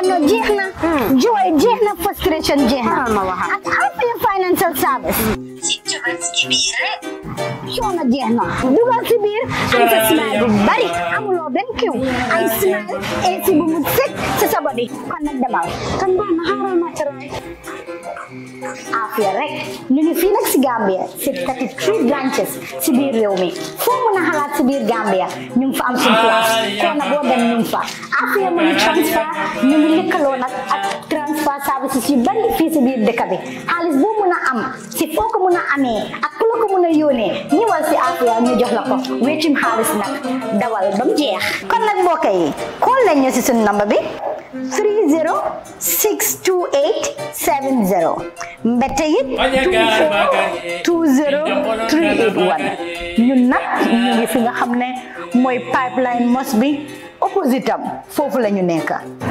Ono Jehna, Joy Jehna, frustration Jehna. At yung Financial Service. Sitjubanski Bire. Shona Jehna. Dugalsi ay sa Smile Bari. amu lo, thank you. Ay smile, ay si bumutsik sa sabadi. Esi Bumutsit, Sasabadi. Kanak Dabal. Kanda Mahara Macharai. Afia rek ñu ngi fii nag biir réew mi foo mën a xalaat si biir Gambia ñu ah, ngi fa am suñu place koo na boo dem ñu ngi fa Afia Money Transfer ñu ngi lëkkaloo nag ak transfer services yu bari fii si biir dëkk bi xaalis boo mën a am si foo ko mën a amee ak ku la ko mën a yónnee si Afia ñu ba mu jeex kon nag mbokk yi xool leen ñu 30 mbette it 24 20 ñun nag ñu ngi fi nga xam ne mooy pipeline mos bi opposite foofu la ñu nekk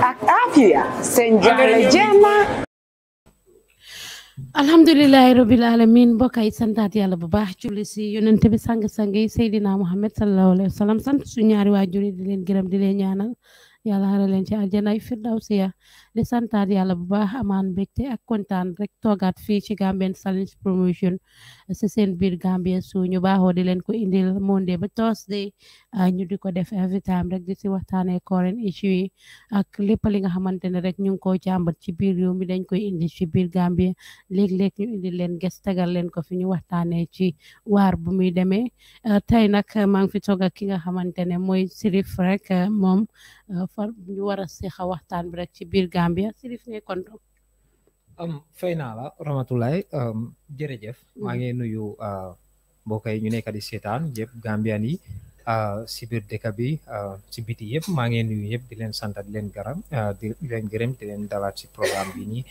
ak Afia seen jaale jéema alhamdulilahi rabil alamin mbokk yi santaat yàlla bu baax julli si yonent bi sang-sang yi Seydina Muhammad sallallahu alayhi wa sallam sant su ñaari waajur yi di leen gërëm di leen ñaanal yàlla xare leen ci àjjanay firdawsiya di santaat yàlla bu baax amaan mbégte ak kontaan rek toogaat fii ci Gambian Talents si seen biir Gambia su ñu baaxoo di leen ko indil Monday ba Thursday ah, ñu di ko def every time rek di si waxtaanee koren issue ak lépp li nga xamante ne rek ñu ngi ko jàmbat ci biir réew mi dañ koy indi ci biir Gambia léeg-léeg ñu indil leen ges tegal leen ko fi ñu waxtaanee ci waar bu muy demee ah, tey nag maa ngi fi toog ak ki nga xamante ne mooy Sirif rek ah, moom fa ñu war a seexa waxtaan bi rek ci biir Gambia Sirif ne kontoon um, fay naa la Ramatoulaye um, jërëjëf hmm. maa ngi nuyu mbokk eh, yi ñu nekk di setan jep Gambian yi ci eh, bir deka bi ci eh, biti yëpp ma ngi nuyu yëpp di len santa di len garam di len gërem di len dalaat si programme bi nii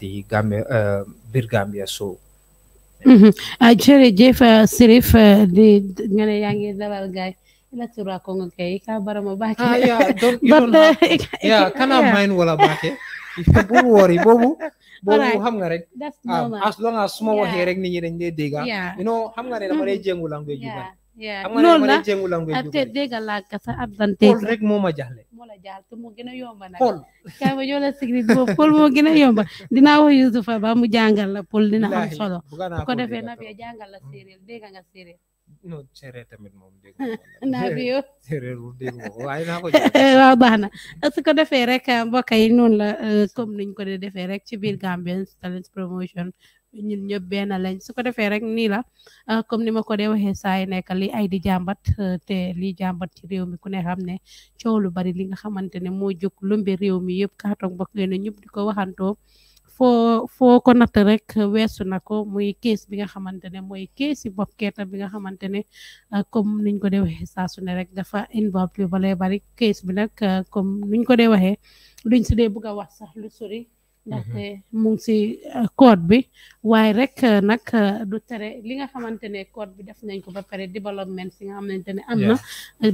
di Gambia biir Gambia Show mhm. Jeff Sirif di nga ne yaa ngi dalal gaay latura ko nga kay ka barama baake ah ya, don't you don't ya kana main wala baake bul wori bobu boobu xam nga rek ah, as long as su ma waxee rek nit ñi dañ dee dégga ah. you know xam nga ne dama dee jéngu language yu bari noonu la ak te dégga laa kasa ab dante xool rek moo ma jaxle moo la jaxle te moo gën a yomba nag xool kay ma jox la sigrit boobu xool moo gën a yomba dinaa wax fa ba mu jàngal la pol dina am solo ko defee na bee jàngal la séeréer dégga nga séeréer non tamit moom dégg naa bi yow séeréer moom ko baax na su ko defee rek mbokk yi noonu la euh, comme niñ ko dee defee rek ci biir mm-hmm. Gambian Talents Promotion ñun ñëpp benn lañ su ko defee rek nii la euh, comme ni ma ko dee waxee saa yi nekk li ay di jàmbat euh, te li jàmbat ci réew mi ku ne xam ne coow lu bari li nga xamante ne moo jóg lumbe réew mi yëpp kaatong mbokk yi ne ñëpp di ko waxantoo foo foo ko natt rek weesu na ko muy kees bi nga xamante ne mooy kees yi bop Keita bi nga xamante ne ah, comme niñ ko dee waxee saa su rek dafa involve yu bale bari kees bi nag ah, comme niñ ko dee waxee luñ si dee bugg a wax sax lu sori ndaxte mhm. mu ngi euh, code bi waaye rek euh, nag euh, du tere li nga xamante ne code bi def nañ ko ba pare développement si nga xamante ne am na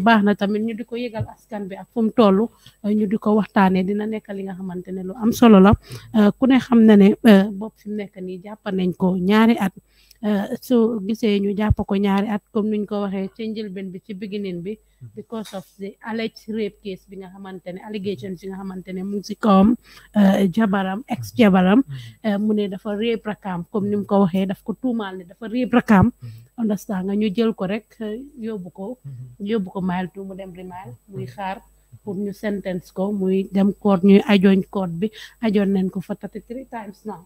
baax na tamit ñu di ko yëgal askan bi ak fu mu toll ñu di ko waxtaanee dina nekk li nga xamante ne lu am solo la ku ne xam na ne bopp fi mu nekk nii jàpp nañ ko ñaari at Euh, su gisee ñu jàpp ko ñaari at comme nuñ ko waxee ci njëlbeen bi ci beginning bi mhm. because of the alleged rape case bi nga xamante ne allegations si nga xamante ne mu ngi si kawam euh, jabaram ex jabaram mhm. euh, mu ne dafa rape rakam comme ni mu ko waxee daf ko tuumaal ne dafa rape rakam mhm. understand nga ñu jël ko rek yóbbu ko yóbbu ko mail tu mu dem rimaal muy xaar pour ñu sentence ko muy dem court ñuy ajoñ court bi ajoon nañ ko fa thirty three times now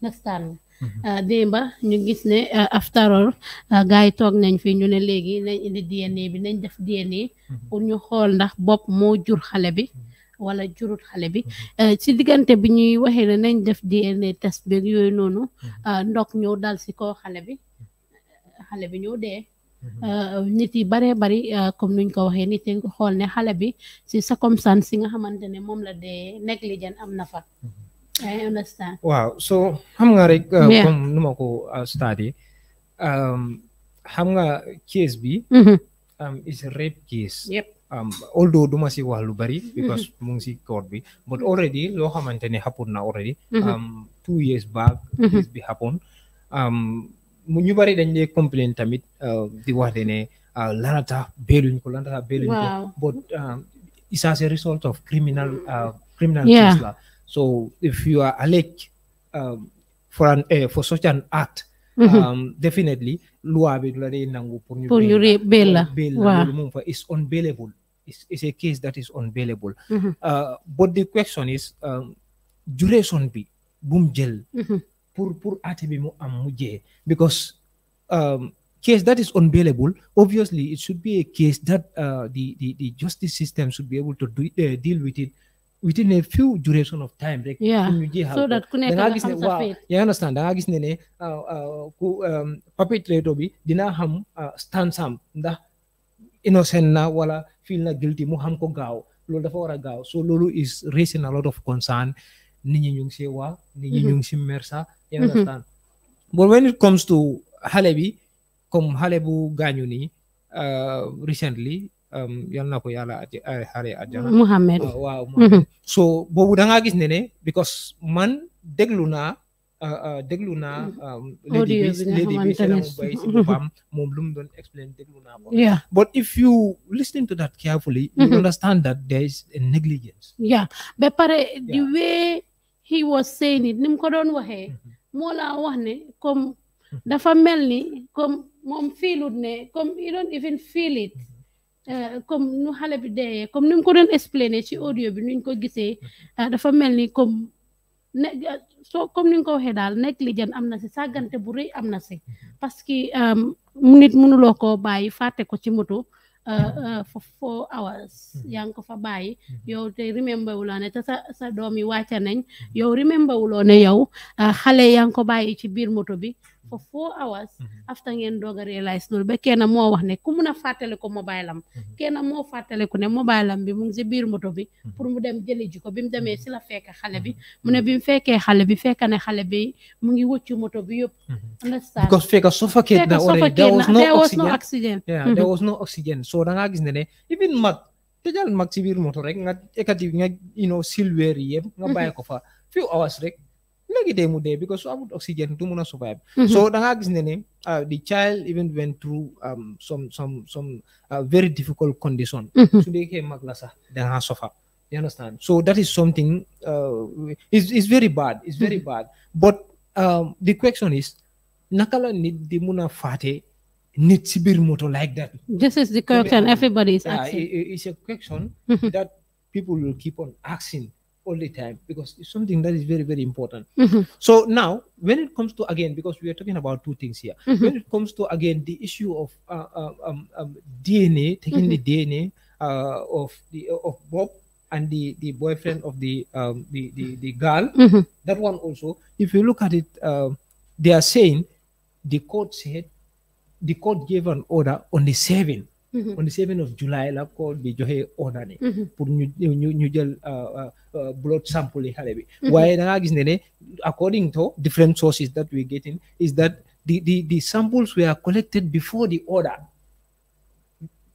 understand nga Mm-hmm. Euh, démba ñu gis ne euh, aftarol euh, gars yi toog nañ fi ñu ne léegi nañ indi DNA bi nañ def DNA mm-hmm. pour ñu xool ndax bopp moo jur xale bi mm-hmm. wala jurut xale bi ci diggante bi ñuy waxee ne nañ def DNA test bi yooyu noonu ndok ñëw dal si koo xale bi xale bi ñëw dee nit yi baree bari comme nuñ ko waxee nit yi xool ne xale bi si circonstance si nga xamante ne moom la dee négligence am na fa I understand. Wow. So ham rek kung kom numa ko study. Um nga case B, mm-hmm. um is rape case. Yep. Um, although duma si walu bari mm-hmm. because mm -hmm. mung si court bi but already lo antene hapun na already mm -hmm. um two years back mm -hmm. this bi happen um ñu bari dañ lay complain tamit uh, di wax dene uh, lanata tax ko lanata tax ko but um, it's as a result of criminal uh, criminal yeah. case la So if you are alleged um, for an uh, for such an act, mm -hmm. um, definitely loi bi dula day nangu pour ñu bail It's unbelievable. it's, it's a case that is unbelievable. mm -hmm. uh, but the question is um, duration bi boom jël mm -hmm. pour pour ate mu am mu because um, case that is unbelievable. obviously it should be a case that uh, the, the, the justice system should be able to do, uh, deal with it within a few duration of time rek yeah. ñu so that ku nekk da nga gis ne understand da nga gis ne ne uh, uh, ku um, perpetrator bi dina xam uh, stand sam, ndax innocent na wala feel na guilty mu xam ko gaaw loolu dafa war a gaaw so loolu is raising a lot of concern nit ñi ñu ngi si wa nit ñi ñu mm-hmm. ngi si mer sax mm-hmm. understand but when it comes to xale bi comme xale bu gaañu recently Um, yal na ko yàlla xare àjjana Muhammad mm-hmm. so boobu da ngaa gis ne ne because man déglu naa uh, uh, déglu naa mm-hmm. um, lady bi lady bi mm-hmm. moom lu mu doon explain déglu naa ko but if you listen to that carefully you understand that there is a negligence yeah ba pare way he was saying it ni ko doon waxee moo wax ne comme dafa mel ni comme moom fiilut ne comme he don't even feel it Euh, comme nu xale bi deeyee comme ni mu ko doon expliqué si audio bi nuñ ko gisee euh, dafa mel ni comme ne soo comme ni nga ko waxee daal négligence am na si sàggante bu rëy am na si parce que euh, nit mënuloo koo bàyyi fàtte ko ci moto for four hours yaa ko fa bàyyi yow te remember wuloo ne te sa sa doom yi wàcca nañ yow remember wuloo ne yow xale yaa ngi ko bàyyi ci biir moto bi for four hours mm-hmm. after ngeen doog a réalize loolu ba kenn moo wax ne ku mun a fàttale ko mobile am mm-hmm. kenn moo fàttale ku ne mobile am bi mu ngi biir moto bi mm-hmm. pour mu dem jëli ji ko bi mu demee si la fekk xale bi mu ne bi mu fekkee xale bi fekk ne xale bi mu ngi wëccu moto bi yëpp a because fekk suffocate na already there was no oxygen there was no oxygen so da ngaa gis ne ne even mag tëjal mag si biir moto rek nga ekati nga you know silweer yi yëpp nga bàyyi ko fa few hours rek léegi day mu dee because su amut oxygène du mun a survive mhm. so da ngaa gis ne ne uh, the child even went through um, some some some uh, very difficult condition su dee mag la sax da ngaa suffer you understand so that is something uh, it's, it's very bad it's very mhm. bad but um, the question is naka la nit di mun a faate nit si biir moto like that this is the question everybody is asking uh, it's a question mhm. that people will keep on asking all the time because it's something that is very very important mm-hmm. so now when it comes to again because we are talking about two things here mm-hmm. when it comes to again the issue of uh, uh um, um, dna taking mm-hmm. the dna uh, of the of bob and the the boyfriend of the um, the, the the girl mm-hmm. that one also if you look at it uh, they are saying the court said the court gave an order on the saving Mm-hmm. on the 7th of July la code bi joxe order ne pour ñu ñu ñu jël blood sample yi xale bi waaye da ngaa gis ne ne according to different sources that we getting is that the the the samples were collected before the order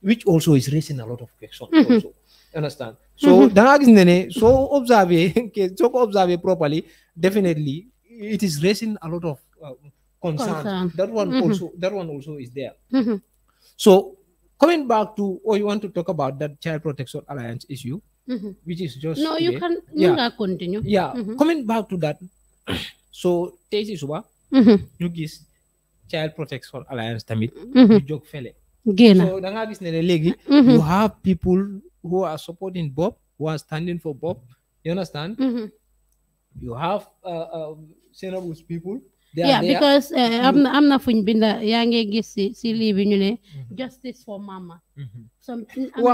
which also is raising a lot of questions mm-hmm. also understand so da mm-hmm. ngaa gis ne ne soo observe so ko observe properly definitely it is raising a lot of uh, concern that one also that one also is there so coming back to or oh, you want to talk about that child protection alliance issue mm -hmm. which is just no today. you can yeah. continue yeah mm -hmm. coming back to that so this is what you give child protection alliance tamit ñu jóg fele so da nga gis ne mm-hmm. you have people who are supporting Bob who are standing for Bob you understand mm-hmm. you have uh, uh, people they yeah, because uh, am i am na fuñ binda yaa ngi gis si si lii bi ñu justice for mama. Mm-hmm. some people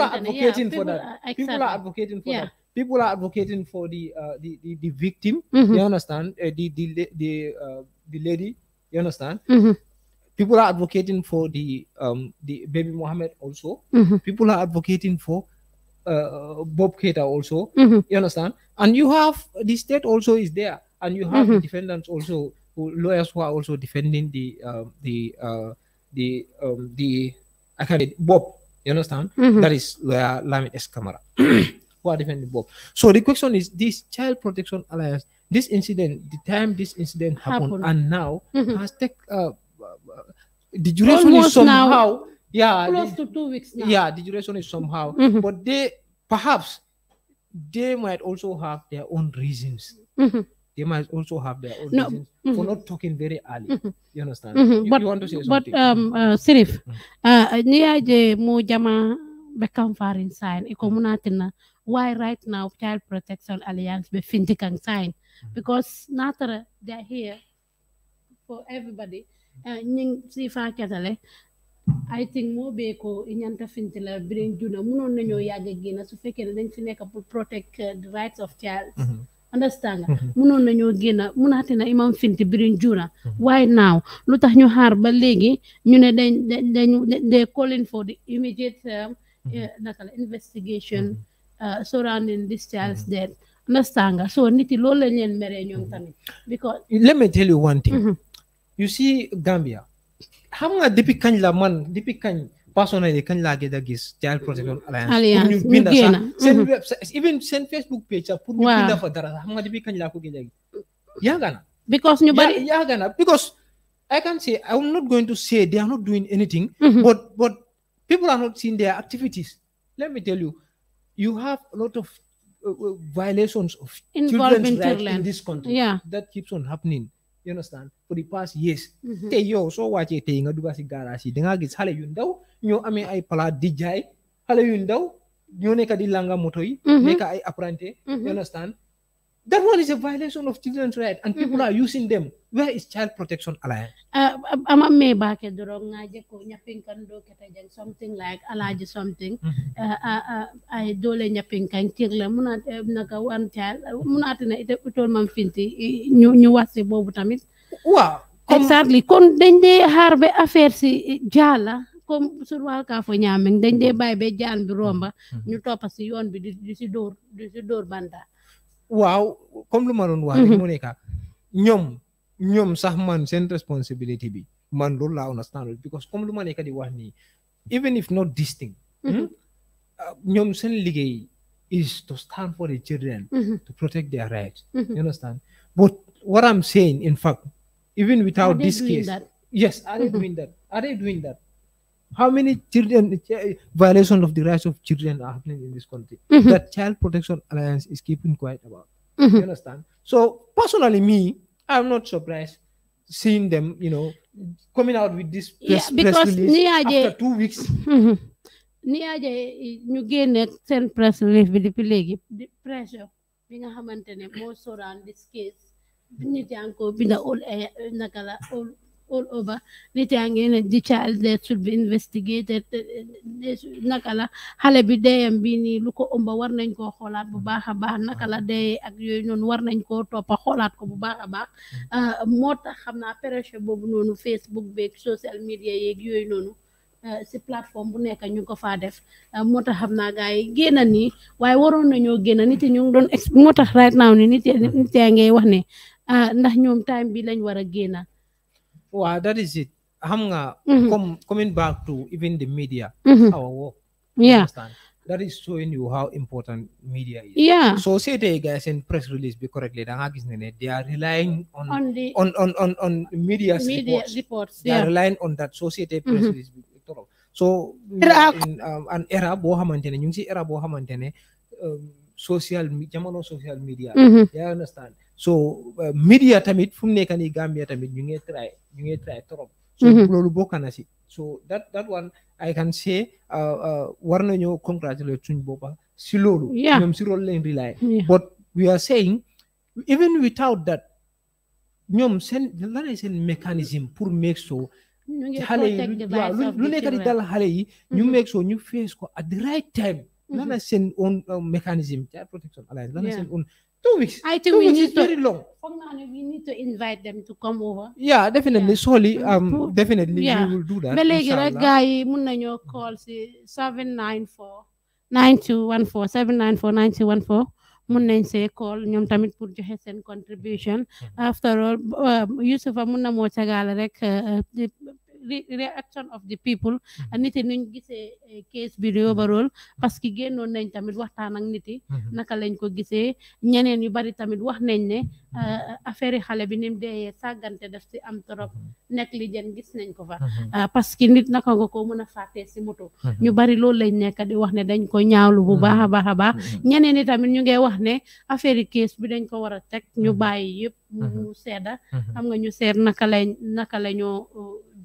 are advocating for that. People are advocating for that. People are advocating for the uh, the, the, the victim. Mm-hmm. You understand uh, the the the uh, the lady. You understand. Mm-hmm people are advocating for the um the baby Mohammed also. Mm -hmm. People are advocating for uh, Bob Keita also. Mm -hmm. You understand? And you have the state also is there and you have mm-hmm. the defendants also who, lawyers who are also defending the uh, the uh, the um, the I can't Bob. You understand? Mm-hmm. That is lawyer Lamin Escamara. who are defending Bob. So the question is: This Child Protection Alliance, this incident, the time this incident happened, happened. and now mm-hmm. has taken uh, uh, the duration Almost is somehow now, yeah close the, to two weeks. Now. Yeah, the duration is somehow, mm-hmm. but they perhaps they might also have their own reasons. Mm-hmm they might also have their own no. reasons mm -hmm. for not talking very early. Mm -hmm. You understand? Mm-hmm. You, but, you, want to say something? But um, uh, Sirif, mm-hmm. uh, niya je mo jama become farin sign. Iko tina mm-hmm. why right now Child Protection Alliance be fintikan sign because natara they're here for everybody. Uh, Ning si fa katale. I think mo be ko inyanta finti la birin juna munoon nañoo yàgg a so su fekkee ne dañ fi protect uh, the rights of child understand mënoon mhm. nañoo génn mënaate na imam finti birin juna mhm. waaye naaw lu tax ñu xaar ba léegi ñu ne dañ dañ they calling for the immediate um, mhm. eh, naka la investigation uh, surrounding this child's death understand nga so nit yi loolu lañ leen meree ñoom tamit because let me tell you one you see Gambia xam nga depuis kañ la man depuis kañ personnally kañ laa gën a gis child protection alliance ñu binda sax seen web even seen facebook page sax pour ñu binda fa dara sax xam nga depuis kañ laa ko gën a gis because ñu bari yàgg na because I can say I'm not going to say they are not doing anything, mm -hmm. but but people are not seeing their activities. Let me tell you, you have a lot of uh, uh violations of Involving children's rights in this country. Yeah, that keeps on happening. You understand? for the past mhm. years. te yow soo wàccee tey nga dugg si garage yi dangaa gis xale yu ndaw ñoo amee ay palaat di jaay xale yu ndaw ñoo nekk di langa moto yi. Mhm. nekk ay apprenti. you mhm. understand that one is a violation of children's rights and people are using them. where is child protection alliance ama me something ay ah, ah, ah, dole nyapinkan kirle munat eh, naga na ite utol mam finti ñu ñu wasi tamit waaw exactly kon dañ dee xaar ba affaire si eh, jaala comme surwaal kaa fo ñaameng dañ dee bàyyi ba jaan bi romba hmm. ñu toppa si yoon bi di si dóor di si dóor banta waaw comme lu ma doon wax hmm. mu nekka ñoom ñoom sax man seen responsibility bi man loolu laa understand because comme lu ma nekka di wax nii even if not this thing hmm. Ah, ñoom seen liggéey is to stand for the children to protect their rights you understand but what I'm saying in fact even without this case that? yes are they doing that are they doing that how many children eh, violation of the rights of children are happening in this country mm -hmm. that child protection alliance is keeping quiet about mm -hmm. you understand so personally me i'm not surprised seeing them you know coming out with this press, yeah, because press release after two weeks mm-hmm. nia je ñu génne seen press release bi depuis léegi di pressure bi nga xamante ne moo soraan this case nit yaa ngi ko binda all naka la all over nit yaa ngi ne di child death should be investigated naka la xale bi deeyam bi nii lu ko ëmba war nañ koo xoolaat bu baax a baax naka la deeye ak yooyu noonu war nañ koo toppa xoolaat ko bu baax a baax ah, moo tax xam naa pressure boobu noonu Facebook beeg social media yeeg yooyu noonu ah, si plateforme bu nekk ñu ko faa def ah, moo tax xam naa gars yi génn nii waaye waroon nañoo génn nit yi ñu ngi doon moo tax right now ni nit yaa ngi wax ne Ah, ndax ñoom time bi lañ war a génn. that is it xam nga. Mm-hmm. comme coming back to even the media. Mm-hmm. our work. yeah. that is showing you how important media is. Yeah. So say they guys in press release be correctly. They are relying on on the, on, on, on, on media reports. reports. They yeah. are relying on that society mm -hmm. press mm-hmm. release. So in, um, an era bo xamantene ñu ci era bo xamantene um, social jamono social media yaa mm-hmm. understand so uh, tamit fu mu nekk nii Gambia tamit ñu ngi try ñu ngi trop so mm-hmm. loolu bokk na si so that that one I can say uh, uh, war nañoo congratulate suñ boppa si loolu ñoom si loolu lañ rely but we are saying even without that ñoom seen lanay seen pour make so xale yi waaw nekk di dal xale yi ñu mm-hmm. make so ñu face ko at the right time Mm-hmm. Lana mm -hmm. seen own uh, mechanism child protection alliance lana yeah. seen own two weeks I think two we weeks need is to, very long we need to invite them to come over yeah definitely yeah. solely mm-hmm. um definitely yeah. we will do that ba léegi rek gars yi mun nañoo call si 794 9214 794 9214 mun nañ see call ñoom tamit pour joxe seen contribution mm-hmm. after all um, Yusufa, mun na moo cagaale rek uh, uh, reaction of the people mm-hmm. nit yi nuñ gisee eh, case bi yóbba barool mm-hmm. parce que génnoon nañ tamit waxtaan ak nit yi mm-hmm. naka lañ ko gisee ñeneen yu bari tamit wax nañ ne eh, affaire yi xale bi ni mu deeyee sàggante si am trop nekk li jën gis nañ ko fa eh, parce que nit naka nga ko mën a fàttee si moto ñu bari loolu lañ nekk di wax ne dañ ko ñaawlu bu baax a baax a baax ñeneen yi tamit ñu ngi wax ne affaire yi case bi dañ ko war a teg ñu bàyyi yëpp mu sedda xam nga ñu seer naka lañ naka la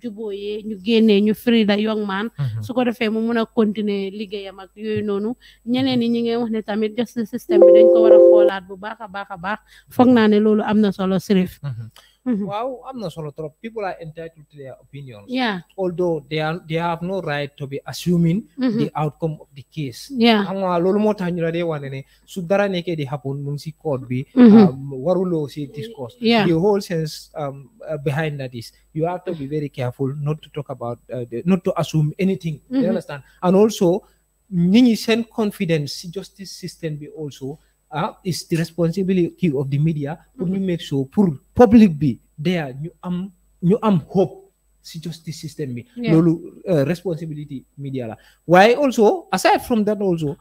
jubóoyee ñu génnee ñu Frida Young Man mm-hmm. su ko defee mu mun a continuer liggéeyam ak yooyu noonu ñeneen ñi ñi ngay wax ne tamit justice system bi dañ ko war a bu baax a baax a baax foog naa ne loolu am na solo Sirif mm-hmm. Mm-hmm. Wow, I'm not sure. People are entitled to their opinions. Yeah. Although they are, they have no right to be assuming mm-hmm. the outcome of the case. Yeah. Amma lolo mo tanyura de wane ne sudara neke de hapon nung si court bi mm-hmm. um, warulo si discourse. Yeah. The whole sense um, uh, behind that is you have to be very careful not to talk about uh, the, not to assume anything. Mm-hmm. You understand? And also, nini send confidence justice system be also ah is the responsibility of the media pour ñu mm-hmm. make sure for public be there You am you am hope si justice system bi loolu uh, responsibility media la Why also aside from that also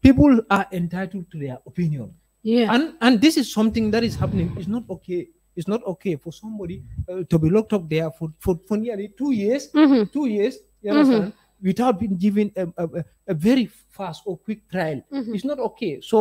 people are entitled to their opinion yeah and and this is something that is happening it's not okay it's not okay for somebody uh, to be locked up there for, for, for nearly two years, mm -hmm. two years, you mm-hmm. understand, mm -hmm. without being given a, a, a, very fast or quick trial. Mm -hmm. It's not okay. So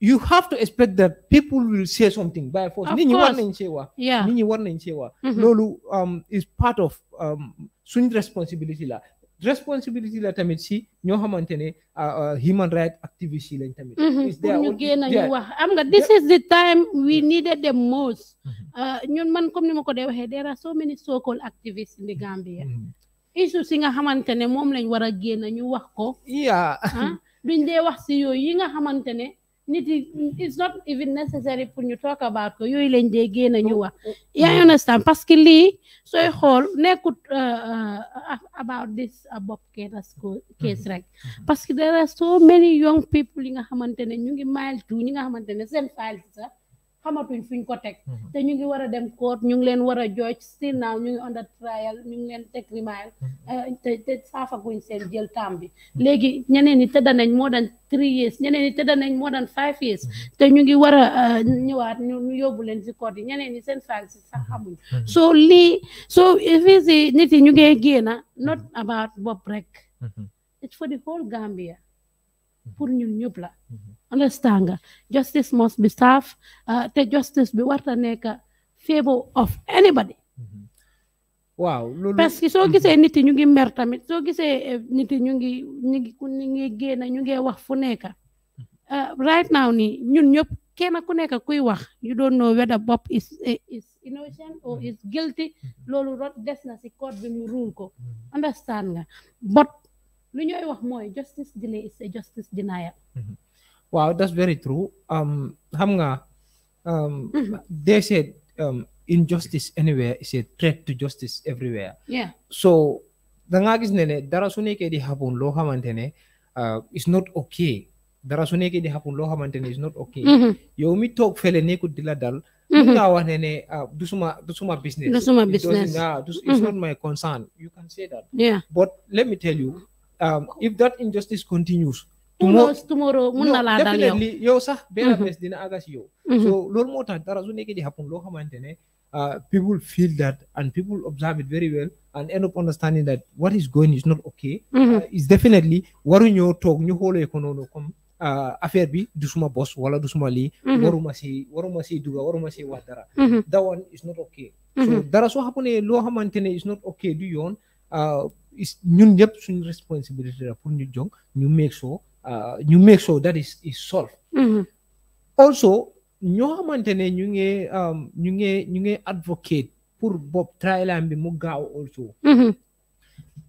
you have to expect that people will say something by force. Of course. cewa. Yeah. Nini mm-hmm. Lolu um is part of um sun responsibility la. Responsibility la tamit si ñoo xamantene uh, uh, human right activist lañ tamit. Mm-hmm. Is there I gëna am nga this is the time we needed the most. ñun mm-hmm. uh, man comme ni ma ko dee there are so many so called activists in the Gambia. Issue si nga xamantene moom lañ war a génn ñu wax ko. Yeah. Duñ dee wax si yooyu yi nga xamantene nit yi it's not even necessary pour ñu talk about ko yooyu lañ dee génn ñu wax mm-hmm. mm-hmm. yaa understand parce que lii sooy xool nekkut uh, uh, about this uh, Bob Keita case mm-hmm. rek parce que there are so many young people yi nga xamante ne ñu ngi mile two ñi nga xamante ne seen file sax xamatuñ ñu ko teg mhm. te ñu ngi war a dem court ñu ngi leen war a jooj still now ñu ngi under trial ñu ngi leen teg remand mhm. eh, te te saafaguñ seen jël taam bi léegi ñeneen i tëdda nañ moo daan three years ñeneen i tëdda nañ moo daan five years mhm. te ñu ngi war a eh, ñëwaat ñu yóbbu leen si court yi ñeneen i seen faal si sax xamuñ so lii so fii si nit yi ñu ngi génna not about bopp rek it's for the whole Gambia pour ñu ñëpp la understand justice must be served uh, te justice bi warta nekk favor of anybody mm-hmm. Wow, loolu parce que soo gisee mm-hmm. nit yi ñu ngi mer tamit soo gisee eh, nit ñu ngi ñu ngi ñu ngi génn ñu ngi wax fu nekk uh, right now ni ñun ñëpp kenn ku nekk kuy wax you don't know whether Bob is eh, is innocent or mm-hmm. is guilty loolu rot des na si code bi mu rule ko understand nga but lu ñooy wax mooy justice delay is a justice denial Wow, that's very true. Um, Hamga, um, mm-hmm. they said um, injustice anywhere is a threat to justice everywhere. Yeah. So, danga gis nene, dara su nekkee di happen loo xamante ne uh, it's not okay dara su nekkee di happen loo xamante ne it's not okay. Mm-hmm. yow mi talk fële nekkut di la dal. mun mm-hmm. ngaa wax ne ne uh, du suma business. du suma business it's not my concern you can say that. yeah but let me tell you um, if that injustice continues. tomorrow mun na laa dal yow yow sax mhm. benn bés dina àgg si yow mhm. so loolu moo tax dara su nekkee di happen loo xamante ne uh, people feel that and people observe it very well and end up understanding that what is going is not okay mhm. uh, is definitely waruñoo toog ñu xoolee ko noonu comme uh, affaire bi du suma bos wala du suma lii waruma si waruma si duga waruma si wax dara that one is not okay so dara soo xamante loo xamante ne is not okay du yoon ñun ñëpp suñu responsibilité la pour ñu jóg ñu make uh, you make sure that is, is mm-hmm. Also, ñoo xamante ne ñu ngi um, ñu ngi ñu ngi advocate pour bop trial bi mu gaaw also. Mm-hmm.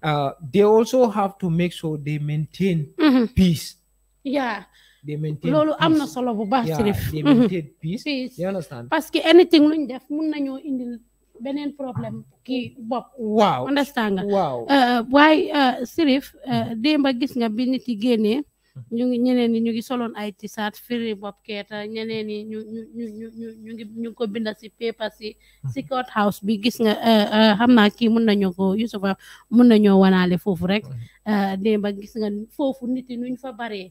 Uh, they also have to make sure they maintain mm-hmm. peace. yeah. loolu am na solo bu baax ci def. they maintain parce que anything luñ def mun nañoo indi beneen problème ki bop waaw understand nga. waaw uh, waaye Sirif uh, démba gis nga bi nit yi ñu ngi ñeneen ñi ñu ngi soloon ay tisaat firi Bob Keita ñeneen ñi ñu ñu ñu ñu ñu ngi ñu ko binda si paper si hmm. si court house bi gis nga eh, eh, xam naa kii mun nañu ko Yusufa mun nañoo wanaale foofu rek hmm. eh, démba gis nga foofu niti nuñ fa baree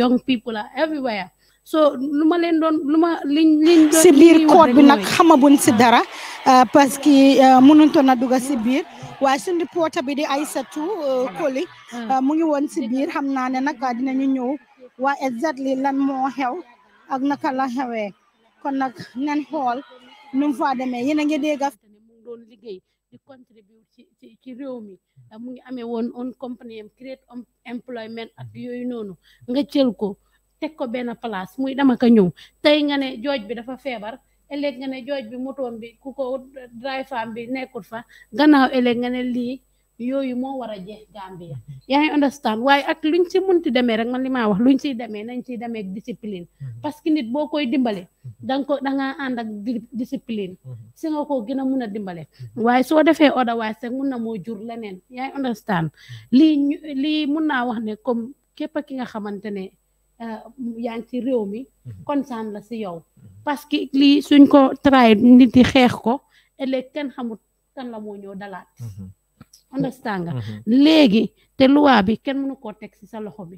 young people are everywhere so lu ma leen doon lu ma liñ liñ si biir code bi nag xamaguñ si dara euh, parce que euh, mënutoon na dugg si biir waaye suñ reporter bi di Aïssatou Koli euh, ah. mu ngi woon si biir xam naa ne nag dinañu ñëw waa exactly lan moo xew ak naka la xewee kon nag nan xool nu mu faa demee yéen a ngi dégg mu doon liggéey di contribute ci ci réew mi mu ngi amee woon on company am create employment ak yooyu noonu nga cël ko teg ko benn place muy dama ko ñëw tey nga ne jooj bi dafa feebar ëllëg nga ne jooj bi motoom bi ku ko drive faam bi nekkul fa gannaaw ëllëg nga ne lii yooyu moo war a jeex Gambia yaa ngi understand waaye ak luñ ci munti demee rek man li maa wax luñ ciy demee nañ ciy demee ak discipline mm-hmm. parce que nit boo koy dimbale mm-hmm. danga ko dangaa ànd ak discipline mm-hmm. si nga ko gën a mun a dimbale waaye soo defee otherwise mun na moo jur leneen yaa ngi understand lii mun naa wax ne comme képp ki nga xamante ne Euh, yaa ci réew mi mhm. kon concerne la si yow parce que lii suñ ko tray nit yi xeex ko ëllëg kenn xamut kan la moo ñëw dalaat mhm. understand nga mhm. léegi te loi bi kenn mënu koo teg ci sa loxo bi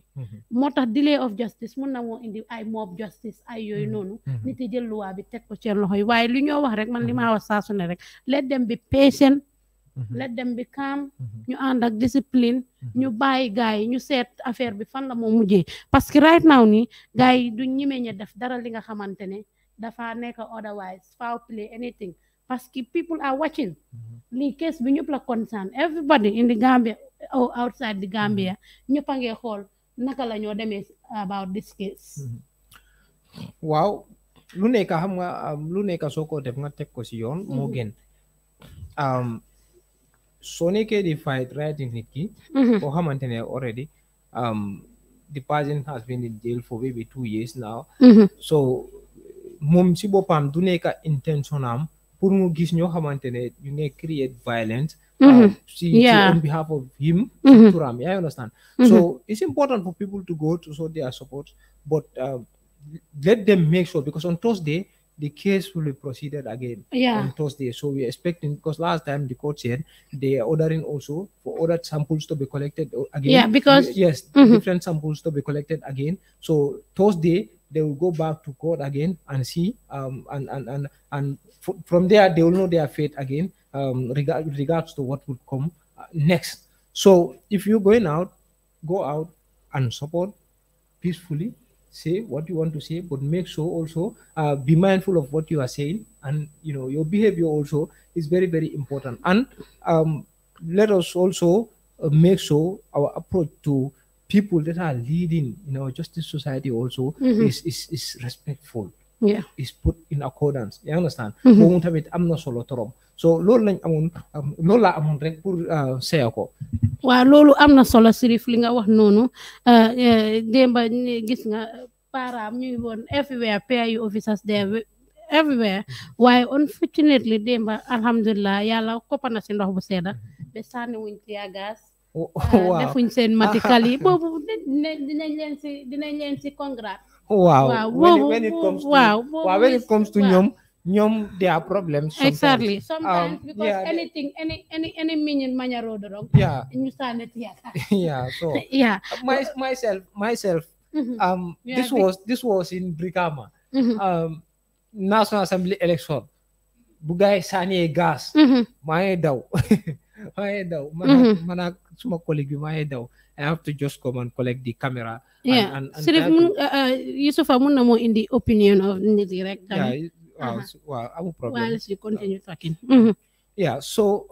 moo tax delay of justice mun na moo indi ay mob justice ay yooyu noonu nit yi jël loi bi teg ko seen loxo yi waaye li ñoo wax rek man li maa wax rek let them be patient Mhm. let dem bi kaam ñu ànd ak discipline mhm. ñu bàyyi gars yi ñu seet affaire bi fan la moo mujjee parce que right now nii gars yi du ñimeñe def dara li nga xamante ne dafa nekk otherwise foul play anything parce que people are watching mhm. lii case bi ñëpp la concern everybody in the oh, xool naka la ñoo demee about this case waaw lu nekk xam nga um, lu nekk soo ko def nga teg ko si yoon moo gën um, Sony Kd if I right in Nikki, mm-hmm. for Hamantene already. Um, the person has been in jail for maybe two years now. Mm-hmm. So moom si boppam du nekk intention am pour mu gis ñoo xamante ne ñu ngi create violence. Mm-hmm. Um, si si on behalf of him. turam mm-hmm. yaa understand. so mm-hmm. it's important for people to go to show their support but um, let them make sure because on Thursday the case will be proceeded again yeah. on Thursday. So we're expecting because last time the court said they are ordering also for other samples to be collected again. Yeah, because yes, mm-hmm. different samples to be collected again. So Thursday they will go back to court again and see um and and and, and f- from there they will know their fate again um regard regards to what would come uh, next. So if you're going out, go out and support peacefully say what you want to say but make sure also uh, be mindful of what you are saying and you know your behavior also is very very important and um, let us also uh, make sure our approach to people that are leading in our justice society also mm -hmm. is, is is respectful is put in accordance you understand mm-hmm. boobu am na solo trop so loolu lañ amoon loolu laa amoon rek pour uh, seya ko waaw am na solo Sirif li nga wax noonu uh, uh, démba gis nga paraam ñuy woon everywhere PIU officers there si mm-hmm. ndox bu sedda mm-hmm. ba sànni wuñ tear gas oh, defuñ seen matikal boobu dinañ leen si congrat Wow, wow, wow. when it comes to wow. when it comes to wow, wow, wow, problems sometimes. exactly um, sometimes um, because yeah, anything any any any minion wow, wow, yeah wow, wow, wow, yeah so yeah my, myself myself mm -hmm. um yeah, this was this was in Brikama mm -hmm. um national assembly election wow, wow, wow, gas mm -hmm. wow, wow, wow, wow, wow, wow, wow, wow, wow, wow, wow, I have to just come and collect the camera. Yeah. And, and, and Sirif, mun, uh, uh, Yusufa, mun namo in the opinion of the director. Yeah, well, uh -huh. well, no problem. Whilst you continue uh, talking. Mm -hmm. Yeah, so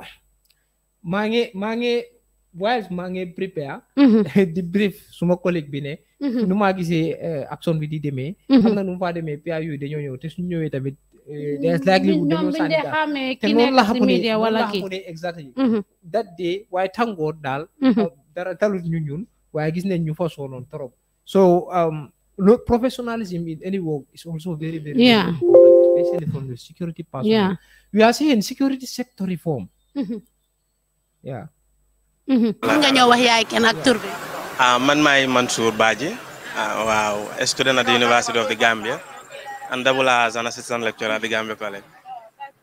mange mange whilst mange prepare mm -hmm. the brief suma collègue bi ne mm-hmm. nu maa gisee eh, action bi di demee mm-hmm. xam na nu mu faa demee pia yooyu dañoo ñëw te suñu ñëwee tamit eh, there's mm-hmm. likely dañoo sànni daal te noonu la xamu ne exactly that day waaye tàngoor daal dara talut ñu waaye gis nañ ñu fasoo trop so um, no, professionalism in any work is also very very yeah. important, from the security person yeah. we are seeing security sector reform mm -hmm. nga ñëw wax yaay kenn ak tur bi ah, man maay Mansour Badji ah, waaw student at the University of the Gambia and double as an lecturer at the Gambia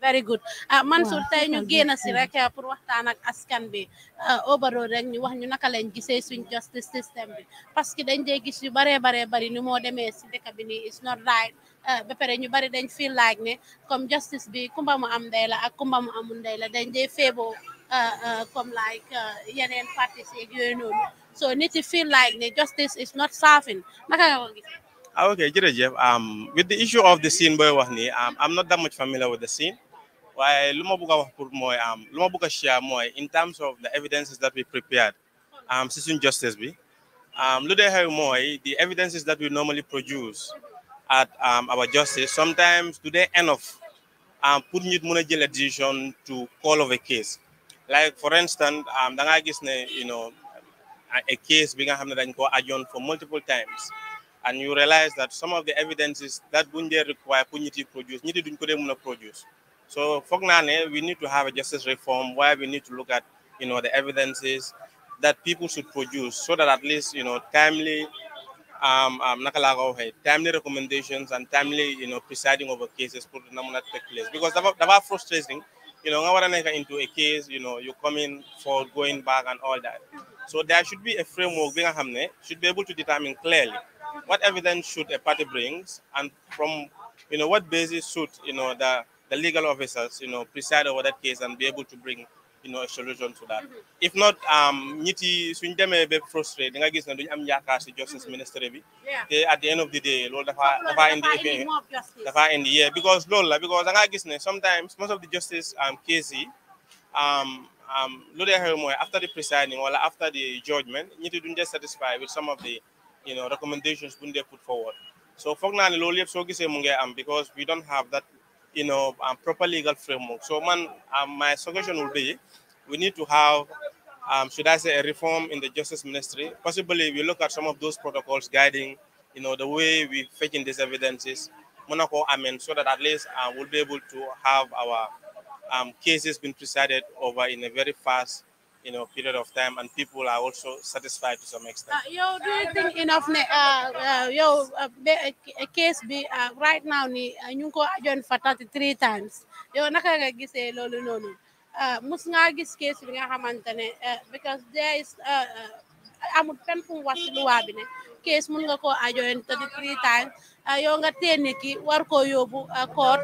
very good ah, Mansour tey ñu génn si rek ah, pour waxtaan ak askan bi ah, overall rek ñu wax ñu naka lañ gisee suñ justice system bi parce que dañ dee gis yu baree baree bari ni moo demee si dëkk bi nii it's not right ba pare ñu bari dañ feel like ne comme justice bi kumba mu am ndey la ak kumba mu amul ndey la dañ dee feeboo comme like yeneen parties yeeg yooyu noonu so nit yi feel like ne justice is not serving naka nga ko gisee Okay, um, with the issue of the scene, boy, um, I'm not that much familiar with the scene waaye lu share in terms of the evidences that we prepared um, si justice bi am the evidences that we normally produce at um, our justice sometimes do they enough um, putting it mën decision to call of a case like for instance um, you know a case being nga xam adjourn for multiple times and you realize that some of the evidences that buñ require punitive produce need to duñ ko produce so Fognane, we need to have a justice reform where we need to look at, you know, the evidences that people should produce so that at least, you know, timely um, um, timely recommendations and timely, you know, presiding over cases could not take place. Because that was frustrating. You know, into a case, you know, you come in for going back and all that. So there should be a framework should be able to determine clearly what evidence should a party brings and from you know what basis should you know the the legal officers, you know, preside over that case and be able to bring, you know, a solution to that. Mm -hmm. If not, um, ñiti suñ demee be frustrated. da nga gis ne duñ am yaakaar justice mm-hmm. ministry bi. Yeah. at the end of the day loolu dafa dafa indi effet dafa indi yeah because loolu la because da nga gis ne sometimes most of the justice um, cases, um, um, lu dee xew mooy after the presiding wala after the judgment ñiti duñ just satisfied with some of the you know recommendations buñ dee put forward so foog naa ne loolu yëpp soo gisee mu am because we don't have that you know, a um, proper legal framework. So man, um, my suggestion would be we need to have, um, should I say, a reform in the justice ministry. Possibly we look at some of those protocols guiding, you know, the way we fetching these evidences. Monaco, I mean, so that at least uh, we'll be able to have our um, cases being presided over in a very fast you know period of time and people are also satisfied to some extent uh, yow do you think enough ne uh, uh, yow uh, case bi right now ni ñu ngi ko ajoon fa times yow naka nga gisee loolu mus nga gis case bi hamantane because there is amul fenn fu mu wax si luwaa bi ne case mun nga koo ajoon thirty three times yow nga téene ki war ko yobu court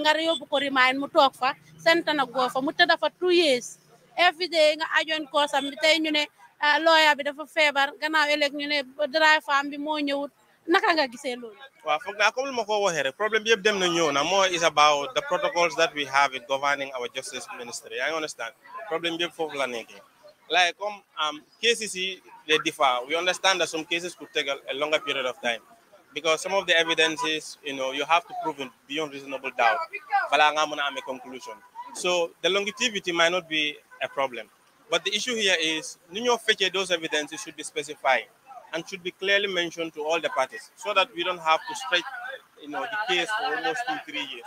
nga yobu ko remind mu toog fa sentana goo fa mu two years every day nga ajoon koosam bi tey ñu ne ah, lawyer bi dafa feebar gannaaw ëllëg ñu ne drive farm bi moo ñëwut naka nga gisee loolu waaw foog naa comme lu ma rek problème bi dem na ñëw na moo is about the protocols that we have in governing our justice ministry I understand problème bi yëpp la like comme um, cases yi they differ we understand that some cases could take a, a longer period of time because some of the evidences you know you have to prove it beyond reasonable doubt balaa ngaa mën a conclusion so the longevity might not be a problem. But the issue here is when you fetch those evidences should be specified and should be clearly mentioned to all the parties so that we don't have to stretch you know the case for almost two, three years.